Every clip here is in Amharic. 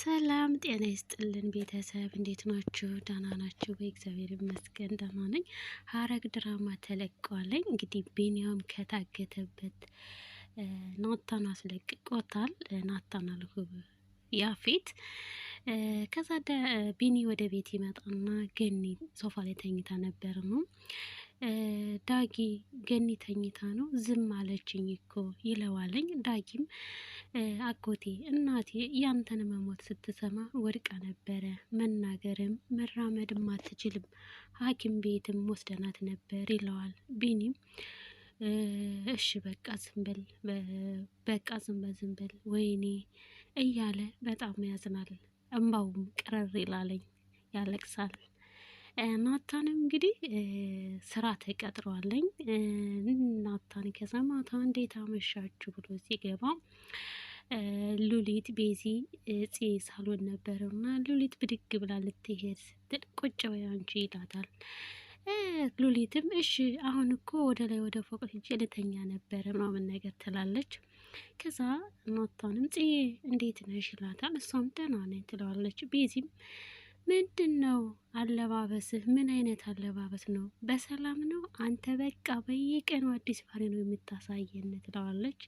ሰላም ጤና ይስጥልን ቤተሰብ እንዴት ናችሁ? ደህና ናችሁ? በእግዚአብሔር ይመስገን ደህና ነኝ። ሐረግ ድራማ ተለቋለኝ። እንግዲህ ቢኒያም ከታገተበት ናታን አስለቅቆታል። ናታን አልሁ ያፌት። ከዛ ቢኒ ወደ ቤት ይመጣና ገኒ ሶፋ ላይ ተኝታ ነበር ነው ዳጊ ገኒ ተኝታ ነው ዝም አለችኝ እኮ ይለዋለኝ። ዳጊም አጎቴ እናቴ ያንተን መሞት ስትሰማ ወድቃ ነበረ። መናገርም መራመድም አትችልም። ሐኪም ቤትም ወስደናት ነበር ይለዋል። ቢኒም እሺ በቃ ዝንበል በቃ ዝንበል ዝንበል ወይኔ እያለ በጣም ያዝናል። እምባውም ቅረር ይላለኝ ያለቅሳል። ናታን እንግዲህ ስራ ተቀጥሯለኝ ናታን ከዛ ማታ እንዴት አመሻችሁ ብሎ ሲገባ ሉሊት ቤዚ ፅ ሳሎን ነበረውና ሉሊት ብድግ ብላ ልትሄድ ስትል ቁጭ በይ አንቺ ይላታል። ሉሊትም እሺ አሁን እኮ ወደ ላይ ወደ ፎቅ ሂጅ ልተኛ ነበረ ምናምን ነገር ትላለች። ከዛ ናታንም ጽዬ እንዴት ነሽ ይላታል። እሷም ደህና ነኝ ትለዋለች። ቤዚም ምንድን ነው አለባበስህ? ምን አይነት አለባበስ ነው? በሰላም ነው? አንተ በቃ በየቀኑ አዲስ ባሪ ነው የምታሳየን ትለዋለች።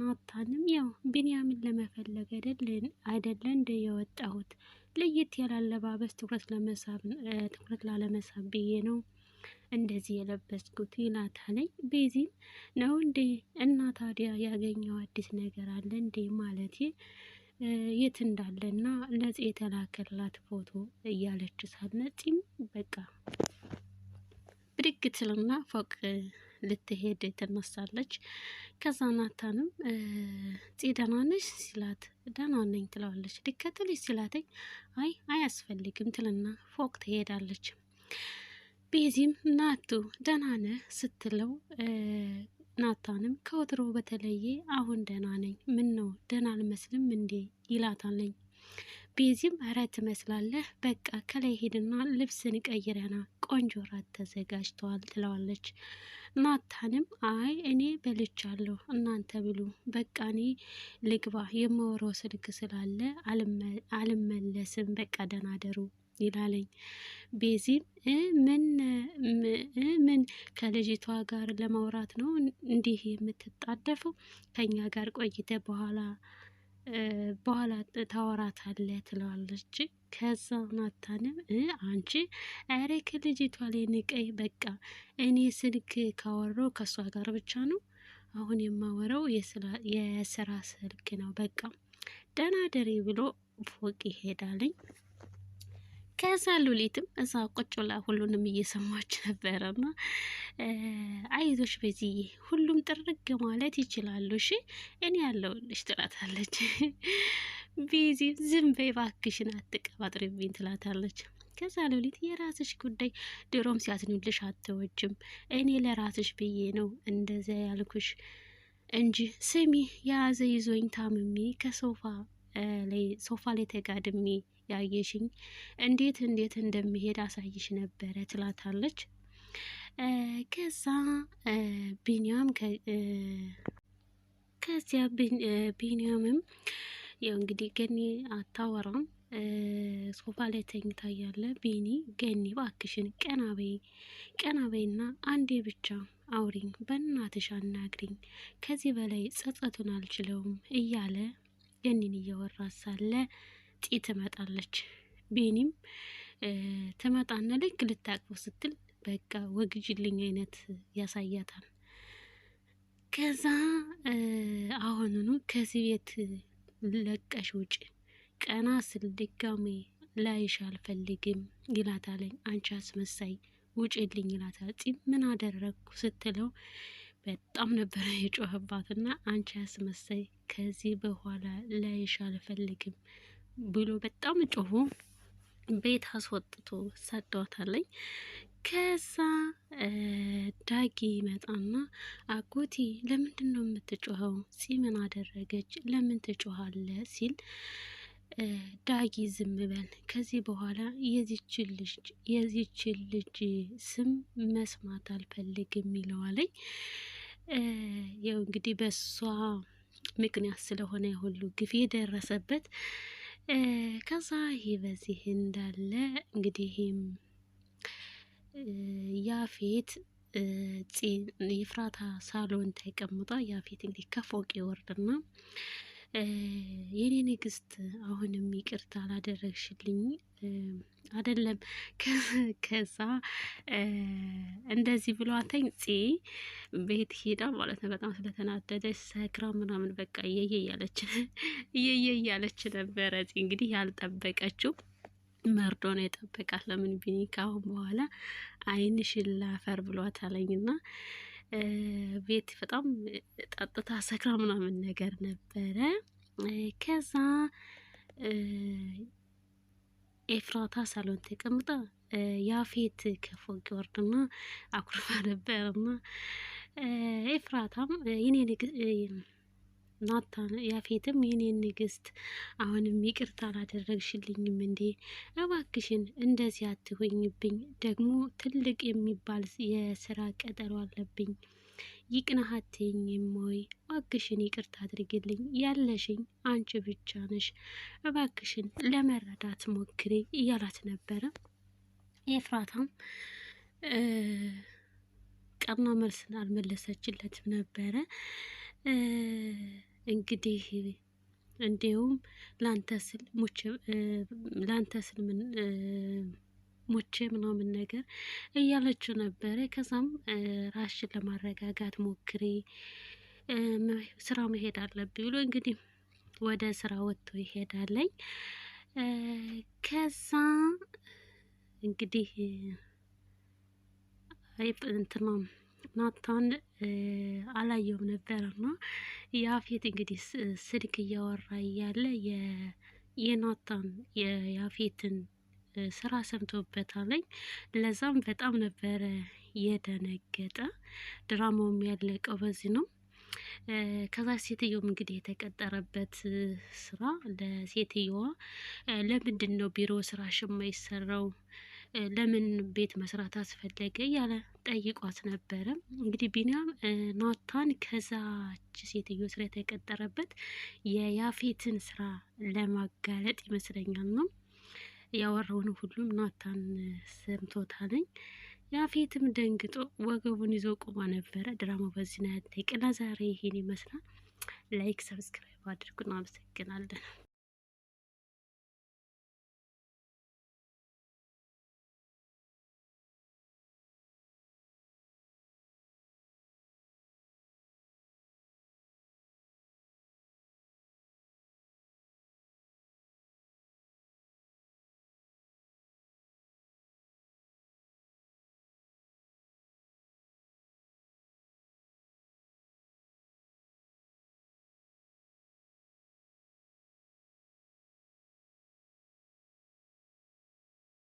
ናታንም ያው ቢንያምን ለመፈለግ አይደለን አይደለ እንደ የወጣሁት ለየት ያለ አለባበስ ትኩረት ለመሳብ ትኩረት ላለመሳብ ብዬ ነው እንደዚህ የለበስኩት ይላታለኝ። ቤዚም ነው እንዴ እና ታዲያ ያገኘው አዲስ ነገር አለ እንዴ ማለቴ የት እንዳለና ለጽ የተላከላት ፎቶ እያለች ሳለ ጺም በቃ ብድግ ትልና ፎቅ ልትሄድ ትነሳለች። ከዛ ናታንም ጺ ደህና ነሽ ሲላት ደህና ነኝ ትለዋለች። ልከተልሽ ሲላተኝ አይ አያስፈልግም ትልና ፎቅ ትሄዳለች። ቤዚም ናቱ ደህና ነህ ስትለው ናታንም ከወትሮ በተለየ አሁን ደህና ነኝ፣ ምን ነው ደህና አልመስልም እንዴ ይላታለኝ። ቤዚም እረ ትመስላለህ፣ በቃ ከላይ ሄድና ልብስን ቀይረና ቆንጆ ራት ተዘጋጅተዋል ትለዋለች። ናታንም አይ እኔ በልቻለሁ፣ እናንተ ብሉ፣ በቃ እኔ ልግባ፣ የማወራው ስልክ ስላለ አልመለስም፣ በቃ ደህና ደሩ ይላለኝ። ቤዚም ምን ምን ከልጅቷ ጋር ለማውራት ነው እንዲህ የምትጣደፈው? ከኛ ጋር ቆይተ በኋላ በኋላ ታወራታለህ ትለዋለች። ከዛ ናታንም አንቺ አሬክ ልጅቷ ላይ ንቀይ፣ በቃ እኔ ስልክ ካወራው ከእሷ ጋር ብቻ ነው። አሁን የማወራው የስራ ስልክ ነው። በቃ ደህና ደሪ ብሎ ፎቅ ይሄዳልኝ ከዛ ሉሊትም እዛ ቁጭ ብላ ሁሉንም እየሰማች ነበረና አይዞሽ በዚህ ሁሉ ሁሉም ጥርግ ማለት ይችላሉ። እሺ እኔ ያለሁልሽ ትላታለች። ቢዚ ዝም በይ እባክሽን አትቀባጥሪብኝ ትላታለች። ከዛ ሉሊት የራስሽ ጉዳይ፣ ድሮም ሲያዝኑልሽ አትወጅም። እኔ ለራስሽ ብዬ ነው እንደዚያ ያልኩሽ እንጂ ስሚ የያዘ ይዞኝ ታምሜ ከሶፋ ላይ ሶፋ ላይ ተጋድሜ ያየሽኝ እንዴት እንዴት እንደሚሄድ አሳይሽ ነበረ ትላታለች። ከዛ ቢኒያም ከዚያ ቢኒያምም ያው እንግዲህ ገኒ አታወራም ሶፋ ላይ ተኝታ ያለ ቢኒ ገኒ ባክሽን ቀናበይ በይ ቀና አንዴ ብቻ አውሪኝ፣ በእናትሽ አናግሪኝ፣ ከዚህ በላይ ጸጸቱን አልችለውም እያለ ገኒን እየወራ ሳለ ጢ ትመጣለች። ቢኒም ትመጣና ልክ ልታቅፈው ስትል በቃ ወግጅልኝ አይነት ያሳያታል። ከዛ አሁኑኑ ከዚህ ቤት ለቀሽ ውጭ፣ ቀና ስል ድጋሜ ላይሽ አልፈልግም ይላታለኝ። አንቺ አስመሳይ ውጭልኝ ይላታል። ምን አደረግኩ ስትለው በጣም ነበረ የጮኸባትና አንቺ አስመሳይ ከዚህ በኋላ ላይሽ አልፈልግም ብሎ በጣም ጮሆ ቤት አስወጥቶ ሰዷታለኝ። ከዛ ዳጊ መጣና አጎቴ ለምንድን ነው የምትጮኸው? ምን አደረገች። ለምን ትጮኋለ ሲል ዳጊ ዝም በል፣ ከዚህ በኋላ የዚችን ልጅ ስም መስማት አልፈልግም ይለዋለኝ። ያው እንግዲህ በሷ ምክንያት ስለሆነ የሁሉ ግፍ የደረሰበት ከዛ ይህ በዚህ እንዳለ እንግዲህ ያፌት የፍራታ ሳሎን ተቀምጣ ያፌት እንግዲህ ከፎቅ ይወርድና የኔ ንግስት አሁንም ይቅርታ አላደረግሽልኝ አይደለም። ከዛ እንደዚህ ብሎ ጽ ቤት ሄዳ ማለት ነው። በጣም ስለተናደደች ሰክራ ምናምን በቃ እየየ እያለች እየየ እያለች ነበረ። እንግዲህ ያልጠበቀችው መርዶ ነው የጠበቃት። ለምን ቢኒ ካሁን በኋላ ዓይንሽን ላፈር ብሏታለኝና ቤት በጣም ጠጥታ ሰክራ ምናምን ነገር ነበረ። ከዛ ኤፍራታ ሳሎን ተቀምጣ ያፌት ከፎቅ ወርድና አኩርፋ ነበርና ኤፍራታም ይኔ ናታን ያፌትም የኔ ንግስት አሁንም ይቅርታ አላደረግሽልኝም እንዴ? እባክሽን እንደዚህ አትሆኝብኝ። ደግሞ ትልቅ የሚባል የስራ ቀጠሮ አለብኝ። ይቅናህ አትይኝም ወይ? እባክሽን ይቅርታ አድርግልኝ። ያለሽኝ አንቺ ብቻ ነሽ። እባክሽን ለመረዳት ሞክሬ እያላት ነበረ። የፍራታም ቀና መልስን አልመለሰችለትም ነበረ። እንግዲህ እንዲሁም ላንተ ስል ሙቼ ላንተ ስል ሙቼ ምናምን ነገር እያለችው ነበረ። ከዛም ራሽን ለማረጋጋት ሞክሪ፣ ስራ መሄድ አለብኝ ብሎ እንግዲህ ወደ ስራ ወጥቶ ይሄዳለኝ። ከዛ እንግዲህ አይ እንትናም ናታን አላየው ነበረና የአፌት እንግዲህ ስልክ እያወራ እያለ የናታን የአፌትን ስራ ሰምቶበታለኝ። ለዛም በጣም ነበረ የደነገጠ። ድራማውም ያለቀው በዚህ ነው። ከዛ ሴትዮም እንግዲህ የተቀጠረበት ስራ ለሴትየዋ ለምንድን ነው ቢሮ ሽማ ይሰራው? ለምን ቤት መስራት አስፈለገ እያለ ጠይቋት ነበረ። እንግዲህ ቢኒያም ናታን ከዛች ሴትዮ ስራ የተቀጠረበት የያፌትን ስራ ለማጋለጥ ይመስለኛል ነው ያወራውን ሁሉም ናታን ሰምቶታለኝ። ያፌትም ደንግጦ ወገቡን ይዞ ቆማ ነበረ። ድራማው በዚህ ነው ያለቀና ዛሬ ይሄን ይመስላል። ላይክ፣ ሰብስክራይብ አድርጉን። አመሰግናለን።